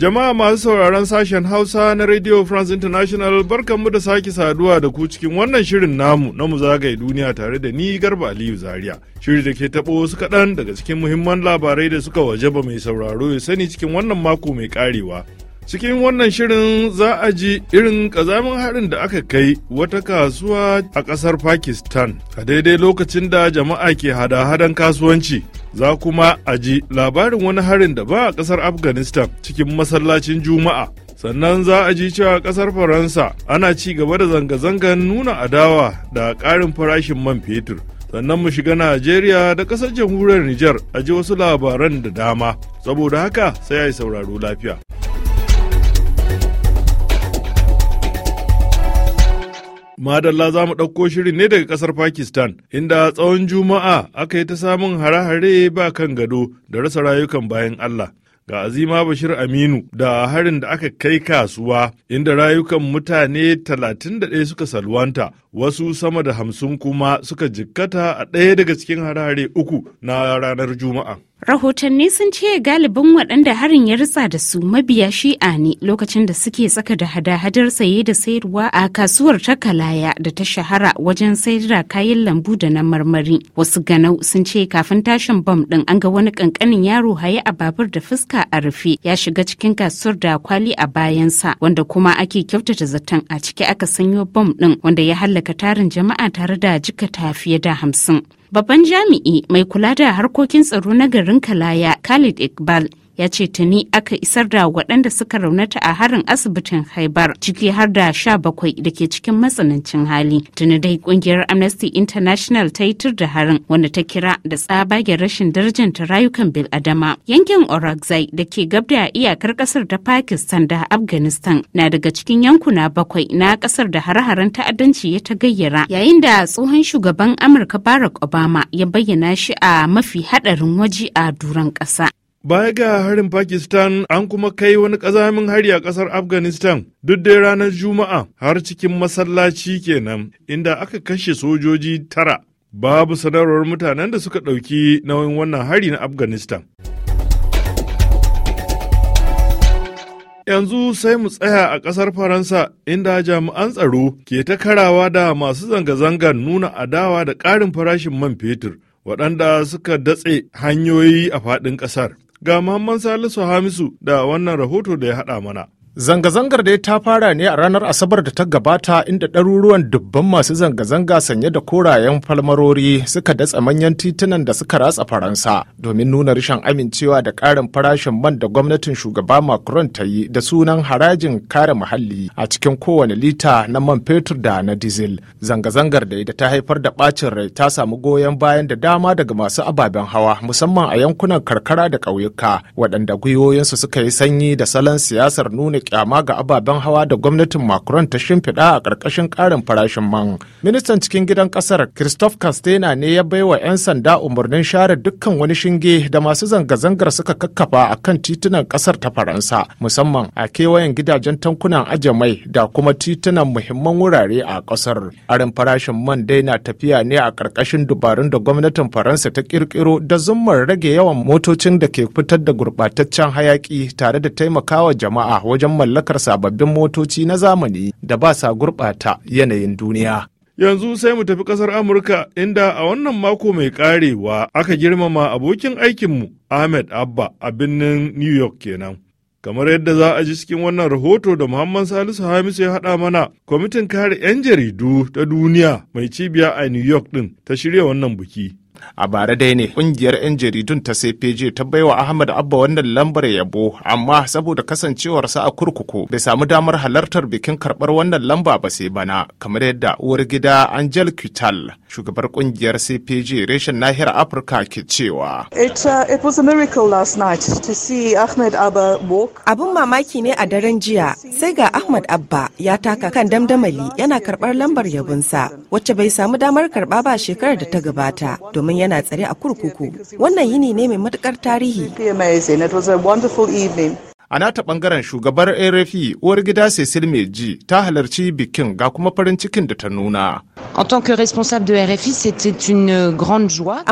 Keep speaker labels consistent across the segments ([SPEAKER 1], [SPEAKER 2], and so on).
[SPEAKER 1] Jama'a masu sauraron sashen Hausa na Radio France International barkanmu da sake saduwa da ku cikin wannan shirin namu na mu zagaye duniya tare da ni Garba Aliyu Zaria. Shiri da ke taɓo wasu kaɗan daga cikin muhimman labarai da suka waje ba mai sauraro ya sani cikin wannan mako mai karewa. Cikin wannan shirin za a ji irin ƙazamin harin da aka kai wata kasuwa a ƙasar Pakistan a daidai lokacin da jama'a ke hada-hadan kasuwanci. Za kuma a ji labarin wani harin da ba a ƙasar Afghanistan cikin masallacin Juma'a. Sannan za a ji cewa ƙasar Faransa ana ci gaba da zanga zangan nuna adawa da ƙarin farashin man fetur. sannan mu shiga Najeriya da ƙasar jamhuriyar Nijar a ji wasu labaran da dama, saboda haka sai a yi sauraro lafiya. Madalla za mu ɗauko shirin ne daga ƙasar Pakistan, inda tsawon Juma'a aka yi ta samun hare-hare ba kan gado da rasa rayukan bayan Allah. Ga Azima Bashir Aminu da harin da aka kai kasuwa, inda rayukan mutane 31 suka salwanta, wasu sama da hamsin kuma suka jikkata a ɗaya daga cikin hare-hare uku na ranar Juma'a.
[SPEAKER 2] Rahotanni sun ce galibin waɗanda harin ya ritsa da su mabiya shi'a ne lokacin da suke tsaka da hada-hadar saye da sayarwa a kasuwar takalaya da ta shahara wajen sayar da kayan lambu da na marmari. Wasu ganau sun ce kafin tashin bam ɗin an ga wani ƙanƙanin yaro haye a babur da fuska a rufe ya shiga cikin kasuwar da kwali a bayansa wanda kuma ake kyautata zaton a ciki aka sanyo bam ɗin wanda ya hallaka tarin jama'a tare da jikata fiye da hamsin. Babban jami'i mai kula da harkokin tsaro na garin Kalaya Khalid Iqbal ya ce tuni aka isar da waɗanda suka raunata a harin asibitin haibar ciki har da sha bakwai da ke cikin matsanancin hali tuni dai ƙungiyar amnesty international ta yi tur da harin wanda ta kira da tsabagen rashin darajanta rayukan bil adama. yankin orakzai da ke gab da iyakar kasar da pakistan da afghanistan na daga cikin yankuna bakwai na kasar da hare-haren ta'addanci ya ta gayyara yayin da tsohon shugaban amurka barack obama ya bayyana shi a mafi hadarin waje a duran kasa.
[SPEAKER 1] Baya ga harin Pakistan an kuma kai wani ƙazamin hari a ƙasar Afghanistan duk dai ranar Juma'a har cikin masallaci kenan inda aka kashe sojoji tara. Babu sanarwar mutanen da suka ɗauki nauyin wannan hari na Afghanistan. Yanzu sai mu tsaya a ƙasar Faransa inda jami'an tsaro ke ta karawa da masu zanga-zangar nuna adawa da ƙarin farashin man fetur waɗanda suka datse hanyoyi a faɗin ƙasar. Ga Muhammad Salisu Hamisu da wannan rahoto da ya haɗa mana.
[SPEAKER 3] Zanga-zangar dai ta fara ne a ranar Asabar da ta gabata inda ɗaruruwan dubban masu zanga-zanga sanye da korayen falmarori suka datsa manyan titunan da suka ratsa Faransa domin nuna rashin amincewa da ƙarin farashin man da gwamnatin shugaba Macron ta yi da sunan harajin kare muhalli a cikin kowane lita na man fetur da na dizil Zanga-zangar dai da ta haifar da ɓacin rai ta samu goyon bayan da dama daga masu ababen hawa musamman a yankunan karkara da ƙauyuka waɗanda gwiwoyinsu suka yi sanyi da salon siyasar nuna kyama ga ababen hawa da gwamnatin Macron ta shimfiɗa a ƙarƙashin ƙarin farashin man. Ministan cikin gidan ƙasar Christophe Castena ne ya baiwa 'yan sanda umarnin share dukkan wani shinge da masu zanga-zangar suka kakkafa a kan titunan ƙasar ta Faransa, musamman a kewayen gidajen tankunan ajamai da kuma titunan muhimman wurare a ƙasar. Arin farashin man dai na tafiya ne a ƙarƙashin dubarun da gwamnatin Faransa ta ƙirƙiro da zummar rage yawan motocin da ke fitar da gurɓataccen hayaƙi tare da taimakawa jama'a wajen wajen mallakar sababbin motoci na zamani da ba sa gurɓata yanayin duniya.
[SPEAKER 1] Yanzu sai mu tafi ƙasar Amurka inda a wannan mako mai ƙarewa aka girmama abokin aikinmu Ahmed Abba a birnin New York kenan. Kamar yadda za a ji cikin wannan rahoto da Muhammad Salisu Hamisu ya haɗa mana, kwamitin
[SPEAKER 3] kare 'yan jaridu ta duniya mai cibiya a New York ɗin ta shirya wannan biki. a bara dai ne kungiyar 'yan jaridun ta cpj ta baiwa ahmad abba wannan lambar yabo amma saboda kasancewarsa a kurkuku bai samu damar halartar bikin karbar wannan lamba ba sai bana kamar yadda uwar gida angel kital shugabar kungiyar cpj reshen nahiyar afirka ke cewa uh,
[SPEAKER 4] abin mamaki ne a daren jiya sai ga ahmad abba ya taka kan damdamali yana karbar lambar yabonsa wacce bai samu damar karba ba shekarar da ta gabata domin domin yana tsare a kurkuku. Wannan yini ne mai matukar tarihi.
[SPEAKER 3] A nata bangaren shugabar arafi uwar gida Cecil Meji ta halarci bikin ga kuma farin cikin da ta nuna.
[SPEAKER 2] A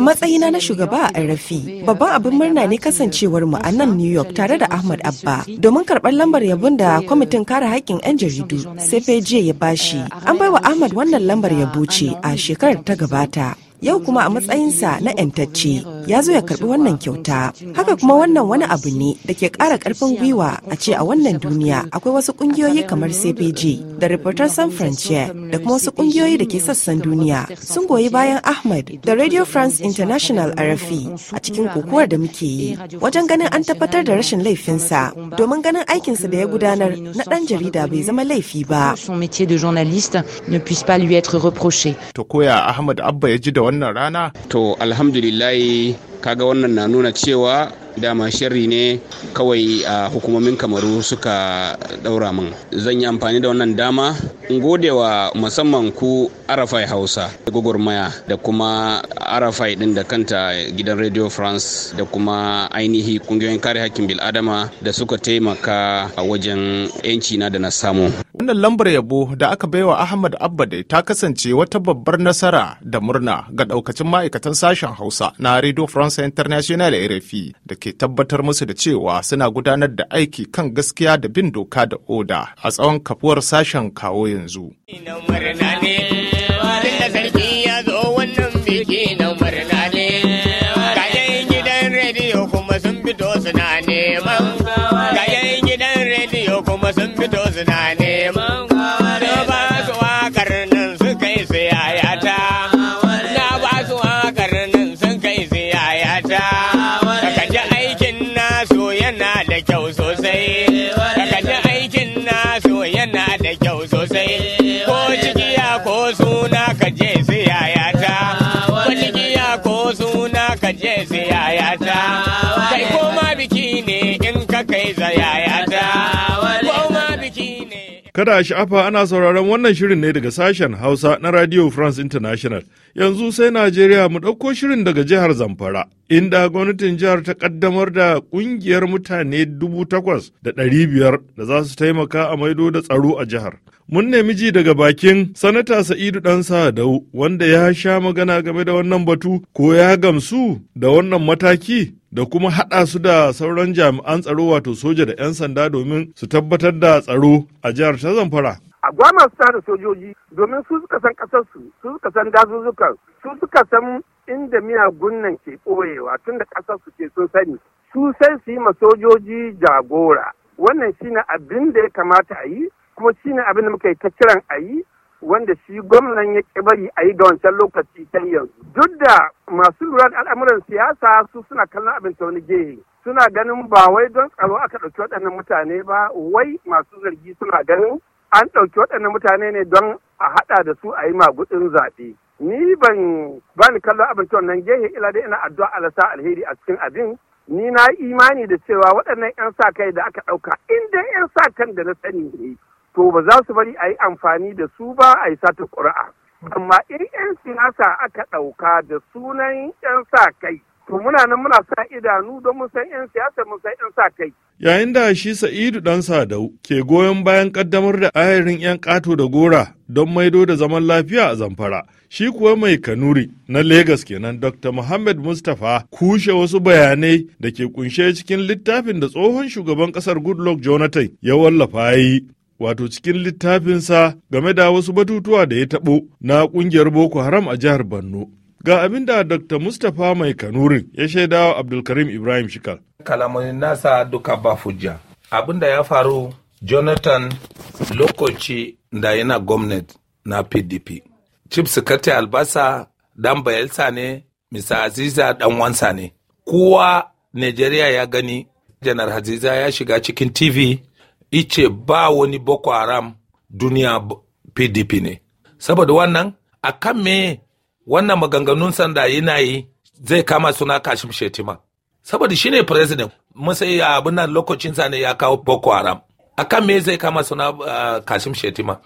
[SPEAKER 4] matsayina na shugaba a RFI, babban abin murna ne kasancewar mu a nan New York tare da Ahmad Abba domin karɓar lambar yabon da kwamitin kare haƙƙin 'yan jaridu CPJ ya bashi. An bai wa Ahmad wannan lambar yabo ce a shekarar ta gabata. yau kuma a matsayinsa na 'yantacce ya zo ya karbi wannan kyauta haka kuma wannan wani abu ne da ke kara karfin gwiwa a ce a wannan duniya akwai wasu ƙungiyoyi kamar cpg da reporter sans frontier da kuma wasu ƙungiyoyi da ke sassan duniya sun goyi bayan ahmed da radio france international rfi a cikin kokowar da muke yi wajen ganin an tabbatar da rashin laifinsa domin ganin aikinsa da ya gudanar na dan jarida bai zama laifi ba.
[SPEAKER 2] To koya
[SPEAKER 3] Ahmad Abba ya ji da wannan rana? To alhamdulillahi kaga wannan na nuna cewa dama sharri ne kawai a hukumomin kamaru suka daura min zan yi amfani da wannan dama in gode wa musamman ku arafai hausa da gwagwarmaya da kuma arafai din da kanta gidan radio france da kuma ainihi kungiyoyin kare hakkin bil'adama da suka taimaka a wajen 'yanci na da na samu wannan lambar yabo da aka baiwa ahmad abbade ta kasance wata babbar nasara da murna ga daukacin ma'aikatan sashen hausa na radio france international rfi da ke tabbatar musu da cewa suna gudanar da aiki kan gaskiya da bin doka da oda a tsawon kafuwar sashen kawo yanzu.
[SPEAKER 5] gidan rediyo kuma sun fito suna neman.
[SPEAKER 1] Kada a sha'afa ana sauraron wannan shirin ne daga sashen Hausa na Radio France International. Yanzu sai Najeriya mu ɗauko shirin daga jihar Zamfara, inda gwamnatin jihar ta ƙaddamar da ƙungiyar mutane dubu takwas da ɗari biyar da za su taimaka a maido da tsaro a jihar. Mun nemi ji daga bakin Sanata Sa'idu ɗan Sadau wanda ya sha magana game da wannan batu ko ya gamsu da wannan mataki da kuma haɗa su da sauran jami'an tsaro wato soja da 'yan sanda domin su tabbatar da tsaro a jihar ta zamfara.
[SPEAKER 5] a gwamna su da sojoji domin su suka san ƙasarsu su suka san dazuzzukan su suka san inda miyagun nan ke ɓoyewa tunda da ƙasarsu ke sun sani su sai su yi ma sojoji jagora wannan shine abin da ya kamata a yi kuma shine abin da muka yi ta kiran a yi wanda shi gwamnan ya ƙi bari a yi da wancan lokaci ta yanzu duk da masu lura da al'amuran siyasa su suna kallon abin ta gehe suna ganin ba wai don tsaro aka ɗauki waɗannan mutane ba wai masu zargi suna ganin an ɗauki waɗannan mutane ne don a haɗa da su a yi magudin zaɓe ni ban bani kallon abin ta wannan gehe ila dai ina addu'a alasa alheri a cikin abin ni na imani da cewa waɗannan 'yan sa kai da aka ɗauka in dai 'yan sa kan da na sani ne to ba za su bari a yi amfani da su ba a yi sata ƙura'a. amma in 'yan siyasa aka ɗauka da sunan 'yan sa kai to muna nan muna sa idanu don mun san 'yan siyasa mun san 'yan sa kai.
[SPEAKER 1] Yayin da shi Sa'idu ɗan Sadau ke goyon bayan ƙaddamar da ayarin 'yan ƙato da gora don maido da zaman lafiya a Zamfara, shi kuwa mai Kanuri na Legas kenan Dr. Muhammad Mustapha kushe wasu bayanai da ke kunshe cikin littafin da tsohon shugaban ƙasar Goodluck Jonathan ya wallafa yi wato cikin littafinsa game da wasu batutuwa da ya taɓo na ƙungiyar Boko Haram a jihar Borno. Ga abin da Dr. Mustapha Mai Kanurin ya shaida wa Abdulkarim Ibrahim Shikal.
[SPEAKER 6] Kalamomin nasa duka ba fujja. Abin da ya faru Jonathan lokaci da yana gwamnati na PDP. Chief Sakate Albasa dan Bayelsa ne, Mr. Aziza dan wansa ne. Kowa Najeriya ya gani, Janar Haziza ya shiga cikin TV ice ba wani boko haram duniya pdp ne saboda wannan a kan me wannan maganganun sanda yana yi zai kama suna kashim shetima saboda shine president musai abin nan lokacin sa ne ya kawo boko haram a kan me zai kama suna uh, kashim shetima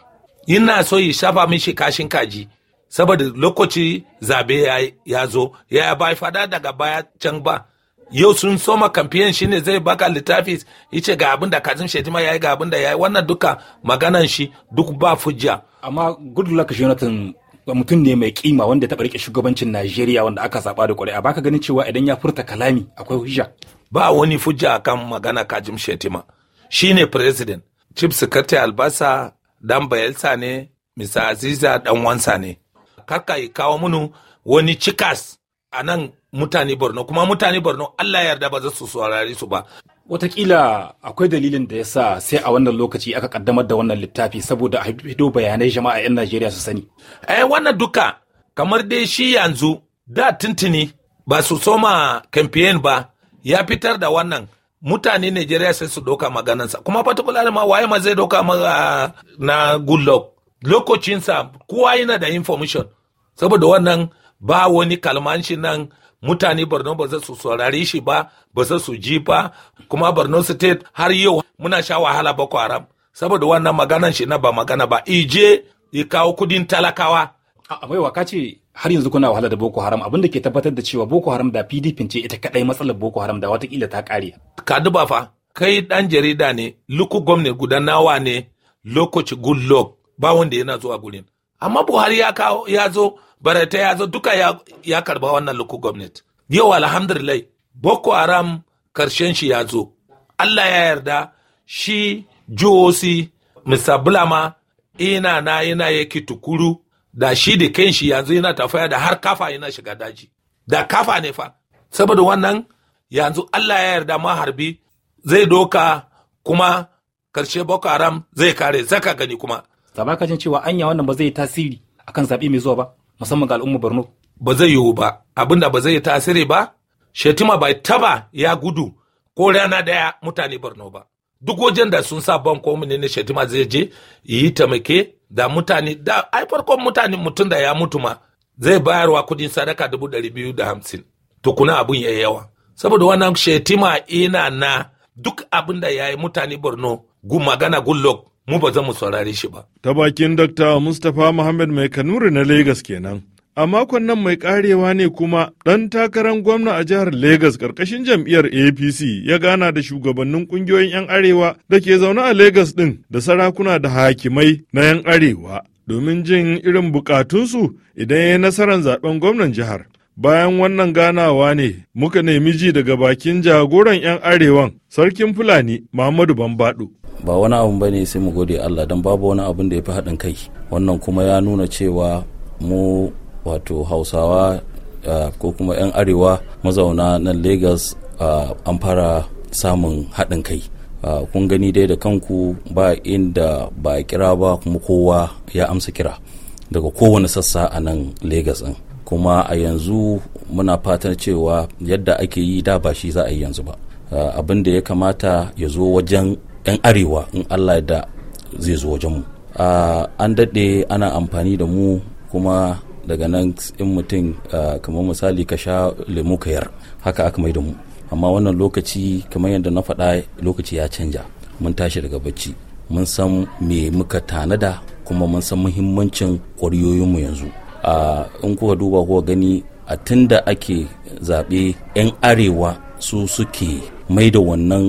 [SPEAKER 6] ina so ya shafa mishi kashin kaji saboda lokaci zabe ya, ya zo ya bai fada daga baya can ba yau sun soma kamfiyan ne zai baka littafi yace ga abin da Kazim Shetima yayi ga abin da yayi wannan duka maganan shi duk ba fujja amma Goodluck Jonathan mutum ne mai kima wanda ta rike shugabancin Najeriya wanda aka saba da a baka ganin cewa idan ya furta kalami akwai hujja ba wani fujja kan magana Kazim Shetima shine president chief secretary albasa dan bayelsa ne misa Aziza dan wansa ne kaka ya kawo munu wani cikas a nan mutane borno kuma mutane borno allah yarda ba za su saurari su ba watakila akwai dalilin da ya sa sai a wannan lokaci aka kaddamar da wannan littafi saboda a hido bayanai jama'a 'yan Najeriya su sani. Eh wannan duka kamar dai shi yanzu da tuntuni ba su soma kamfen ba ya fitar da wannan mutane Najeriya sai su doka maganansa kuma particular ma waye ma zai doka maga ah, na Goodluck lokacinsa kowa yana da information saboda wannan ba wani kalmanshi nan mutane borno ba za su saurari shi ba ba za su ji ba kuma borno state har yau muna sha wahala boko haram saboda wannan maganan shi na ba magana ba ije ya kawo kudin talakawa akwai waka ce har yanzu kuna wahala da boko haram abinda ke tabbatar da cewa boko haram da pdp ce ita kadai matsalar boko haram da watakila ta kare ka duba fa kai dan jarida ne luku gwamne gudanawa ne lokaci luck ba wanda yana zuwa gurin amma buhari ya kawo ya zo barata ya zo duka ya, ya karba wannan luku gwamnati yau alhamdulillah boko haram karshen shi ya zo allah ya yarda shi joc mr bulama ina na ina yake tukuru da shi da kan shi yanzu yana tafaya da har kafa yana shiga daji da kafa ne fa saboda wannan yanzu allah ya yarda ma harbi zai doka kuma karshe boko haram zai kare zaka gani kuma da ba ka jin cewa anya wannan ba zai yi tasiri akan zaɓe mai zuwa ba musamman ga al'ummar Borno ba zai yiwu ba abinda ba zai yi tasiri ba Shetima bai taba ya gudu ko rana daya mutane Borno ba duk wajen da sun sa ban ko ne Shetima zai je yi tamake da mutane da ai farkon mutane mutum da ya mutu ma zai bayarwa kudin sadaka dubu ɗari biyu da hamsin tukuna abun ya yawa saboda wannan Shetima ina na duk abin da ya yi mutane Borno gun magana Goodluck mu ba za mu saurare shi ba.
[SPEAKER 1] Ta bakin Dokta Mustapha Muhammad Mai Kanuri na Legas kenan. A makon nan mai karewa ne kuma ɗan takarar gwamna a jihar Legas ƙarƙashin jam'iyyar APC ya gana da shugabannin ƙungiyoyin 'yan arewa da ke zaune a Legas ɗin da sarakuna da hakimai na 'yan arewa domin jin irin bukatunsu idan ya yi nasarar zaɓen gwamnan jihar. Bayan wannan ganawa ne muka nemi ji daga bakin jagoran 'yan arewan Sarkin Fulani
[SPEAKER 7] Muhammadu Bambaɗo. ba wani abu ba ne sai mu gode allah don babu wani abin da ya fi haɗin kai wannan kuma ya nuna cewa mu wato hausawa ko kuma 'yan arewa mazauna nan lagos an fara samun haɗin kai kun gani dai da kanku ba inda ba kira ba kuma kowa ya amsa kira daga kowane sassa a nan lagos ɗin kuma a yanzu muna fatan cewa yadda ake yi da ba shi za a yi yanzu ba abin da ya kamata ya zo wajen 'yan arewa in allah da zai zo wajen mu. an daɗe ana amfani da mu kuma daga nan in mutum kamar misali ka sha lemu yar haka aka mai da mu amma wannan lokaci kamar yadda na faɗa lokaci ya canja mun tashi daga bacci mun san me muka tanada kuma mun san muhimmancin ƙwaryoyinmu yanzu in kuka duba kuka gani a tun da ake zaɓe 'yan arewa su suke mai da wannan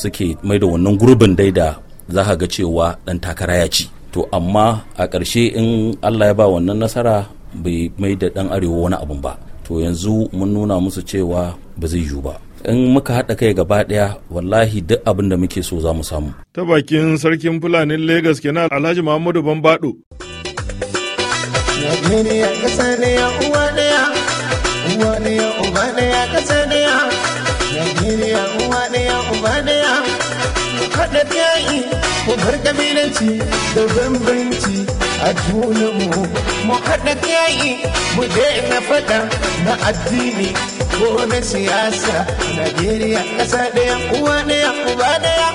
[SPEAKER 7] suke mai da wannan gurbin dai da za ka ga cewa ɗan takara ya ci to amma a ƙarshe in allah ya ba wannan nasara bai mai da ɗan arewa wani abun ba to yanzu mun nuna musu cewa ba zai yiwu ba in muka haɗa kai gaba ɗaya wallahi duk abin da muke so za mu samu.
[SPEAKER 1] Ta bakin sarkin Fulanin Legas kenan Alhaji Muhammadu Bambaɗo.
[SPEAKER 8] Najeriya ƙasa ne ya uwa ɗaya, uwa ɗaya uba Najeriya uwa ɗaya uba ɗaya
[SPEAKER 5] mu kaɗa yayi mu bar kabilanci da bambanci a
[SPEAKER 3] junanmu mu kaɗa yayi mu daina faɗa na addini ko na siyasa Najeriya ƙasa ɗaya uwa ɗaya uba
[SPEAKER 8] ɗaya.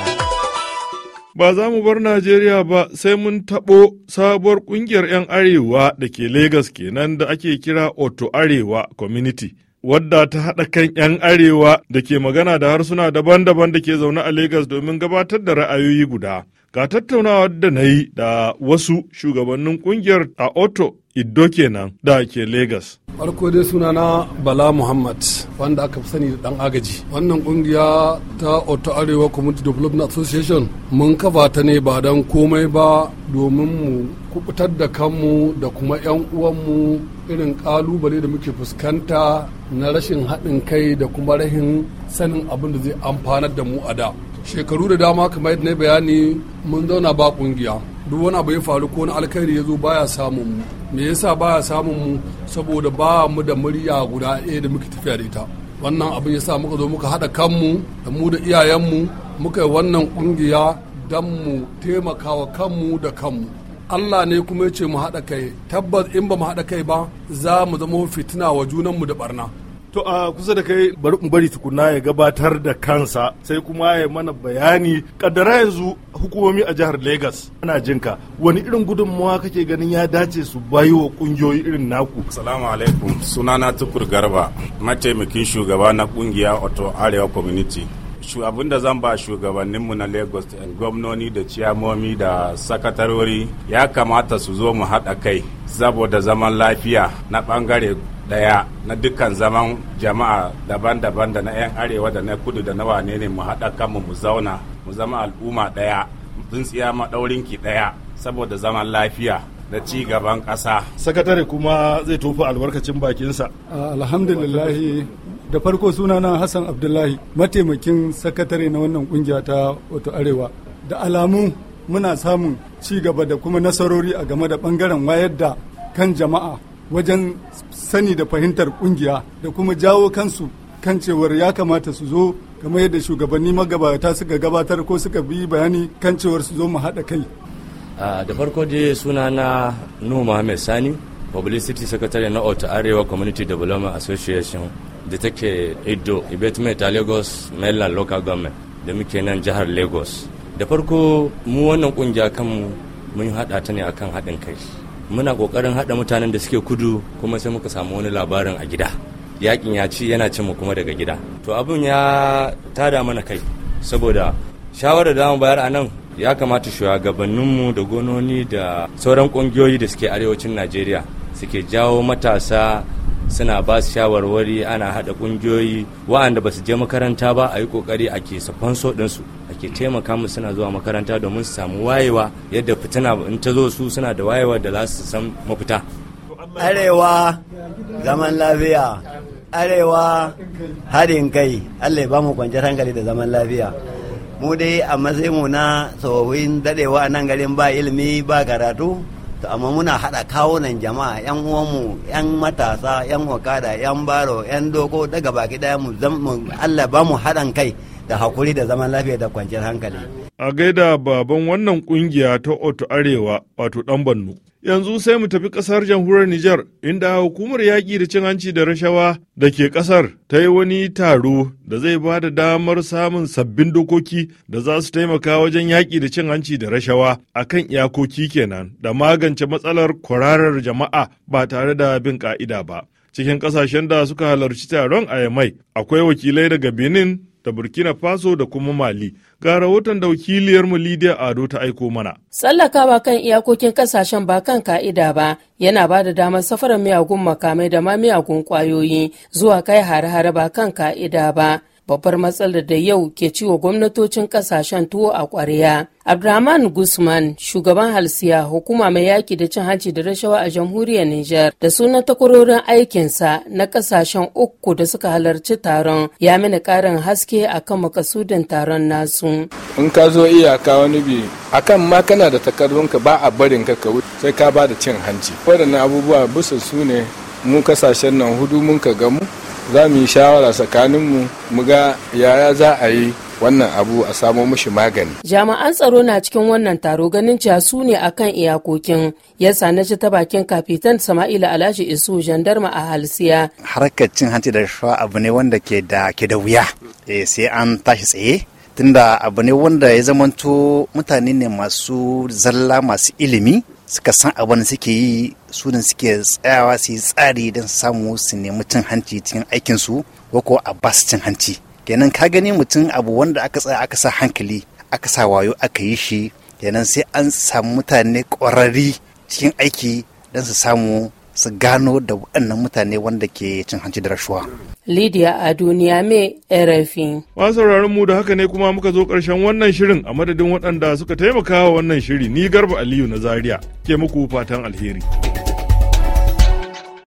[SPEAKER 1] Ba za mu bar Najeriya ba sai mun taɓo sabuwar ƙungiyar 'yan Arewa da ke Legas kenan da ake kira Oto Arewa Community. wadda ta haɗa kan 'yan arewa da ke magana da harsuna daban-daban da ke zaune a Legas domin gabatar da ra'ayoyi guda. Ga tattaunawa da na yi da wasu shugabannin kungiyar a Oto Iddo kenan da ke Legas. Farko dai suna na Bala Muhammad wanda aka fi sani da ɗan agaji. Wannan ƙungiya ta Oto Arewa Community Development Association mun kafa ta ne ba don komai ba domin mu kubutar da kanmu da kuma 'yan uwanmu irin kalubale da muke fuskanta na rashin haɗin kai da kuma rahin sanin abin da zai amfanar da mu a da shekaru da dama kamar yadda na bayani mun zauna ba ƙungiya duk wani abu ya faru ko na alkhairi ya zo baya samun mu me yasa baya samun mu saboda ba mu da murya guda ɗaya da muke tafiya da ita wannan abin sa muka zo muka haɗa kanmu da mu da iyayenmu muka yi wannan ƙungiya don mu taimakawa kanmu da kanmu Allah ne kuma ya ce mu haɗa kai tabbas in ba mu haɗa kai ba za mu zama fitina wa junanmu da barna To a kusa da kai bari mu bari tukuna ya gabatar da kansa sai kuma ya mana bayani kaddara yanzu hukumomi a jihar Legas ana jinka wani irin gudunmawa kake ganin ya dace su bayi wa kungiyoyi irin naku.
[SPEAKER 6] Assalamu alaikum sunana tukur garba mataimakin shugaba na kungiya Oto Arewa Community abin da zan ba shugabanninmu na lagos gwamnoni da ciyamomi da sakatarori ya kamata su zo mu haɗa kai saboda zaman lafiya na ɓangare daya na dukkan zaman jama'a daban-daban da na 'yan arewa da na kudu da na wane ne mu haɗa kanmu mu zauna mu zama al'umma daya maɗaurin ki daya saboda zaman lafiya da ci gaban ƙasa.
[SPEAKER 1] sakatare kuma zai tofa albarkacin bakinsa alhamdulillahi da farko sunana hassan abdullahi mataimakin sakatare na wannan kungiya ta wato arewa da alamu muna samun ci gaba da kuma nasarori a game da bangaren wayar da kan jama'a wajen sani da fahimtar kungiya da kuma
[SPEAKER 7] jawo kansu kan cewar ya kamata su zo kamar yadda shugabanni magabata suka gabatar ko suka bi bayani kan cewar su zo mu haɗa kai da farko dai sunana nuhu muhammad sani publicity secretary na ota arewa community development association da take Ido, ta Lagos, Mainland Local Government da muke nan jihar Lagos. Da farko mu wannan kungiya kanmu mun hada ta ne akan haɗin kai. Muna ƙoƙarin haɗa mutanen da suke kudu kuma sai muka samu wani labarin a gida. Yakin ya ci yana cin mu kuma daga gida. To abin ya tada mana kai saboda shawarar da mu bayar a nan ya kamata shugabanninmu da gononi da sauran ƙungiyoyi da suke arewacin Najeriya suke jawo matasa suna ba su shawarwari ana haɗa ƙungiyoyi wa'anda ba su je makaranta ba a yi ƙoƙari a ke safanso ɗinsu a ke taimaka mu suna zuwa makaranta domin su samu wayewa yadda fitina in ta zo su suna da wayewa da za su san mafita. arewa zaman lafiya arewa haɗin kai allah ya ba mu kwanciyar hankali da zaman lafiya mu dai a mu na tsohuwin daɗewa nan garin ba ilimi ba karatu to amma muna haɗa kawunan jama'a yan uwanmu yan matasa yan okada yan baro yan doko daga baki daya mu Allah ba mu haɗan kai da hakuri da zaman lafiya da kwanciyar hankali
[SPEAKER 1] a gaida baban wannan kungiya ta Oto Arewa wato ɗan Bannu. Yanzu sai mu tafi ƙasar jamhuriyar Nijar inda hukumar yaƙi da cin hanci da rashawa da ke ƙasar ta yi wani taro da zai ba da damar samun sabbin dokoki da za su taimaka wajen yaƙi da cin hanci da rashawa a kan iyakoki kenan da magance matsalar kwararar jama'a ba tare da bin ƙa'ida ba. Cikin ƙasashen da suka halarci taron a Yamai akwai wakilai daga Benin da burkina faso da kuma mali ga rahoton da wakiliyarmu lidiya ado ta aiko mana
[SPEAKER 8] tsallakawa kan iyakokin kasashen ba kan ka'ida ba yana ba da damar safarar miyagun makamai da ma miyagun kwayoyi zuwa kai hare-hare ba kan ka'ida ba babbar matsalar da yau ke ciwo gwamnatocin kasashen tuwo a ƙwarya. abdulrahman Guzman, shugaban halsiya hukuma mai yaki da cin hanci da rashawa a jamhuriyar Nijar da sunan takwarorin aikinsa na kasashen uku da suka halarci taron ya mini karin haske kan makasudin taron nasu.
[SPEAKER 6] In ka zo iyaka wani bi kan ma kana da takardunka ba a barin ka sai ka ba da cin hanci. Waɗannan abubuwa bisa su ne mu kasashen nan hudu mun ka gamu za mu yi shawara tsakaninmu mu ga yaya za a yi wannan abu a samo mishi magani.
[SPEAKER 8] Jami'an tsaro na cikin wannan taro ganin cewa su ne a kan iyakokin ya na ci ta bakin kafitan Sama'ila Alhaji Isu jandarma a Halsiya.
[SPEAKER 7] Harkar cin hanci da rashawa abu ne wanda ke da ke da wuya eh, sai an tashi tsaye tunda abu ne wanda ya zamanto mutane ne masu zalla masu ilimi suka san abin suke yi su ne suke tsayawa su yi tsari don samu su nemi cin hanci cikin aikinsu ko a ba su cin hanci kenan ka gani mutum abu wanda aka tsaya aka sa hankali aka sa wayo aka yi shi kenan sai an samu mutane ƙwararri cikin aiki don su samu su gano da waɗannan mutane wanda ke cin hanci da rashuwa.
[SPEAKER 8] Lydia duniya me RFI.
[SPEAKER 1] sauraron mu da haka ne kuma muka zo ƙarshen wannan shirin a madadin waɗanda suka taimaka wa wannan shiri ni Garba Aliyu na Zaria ke muku fatan alheri.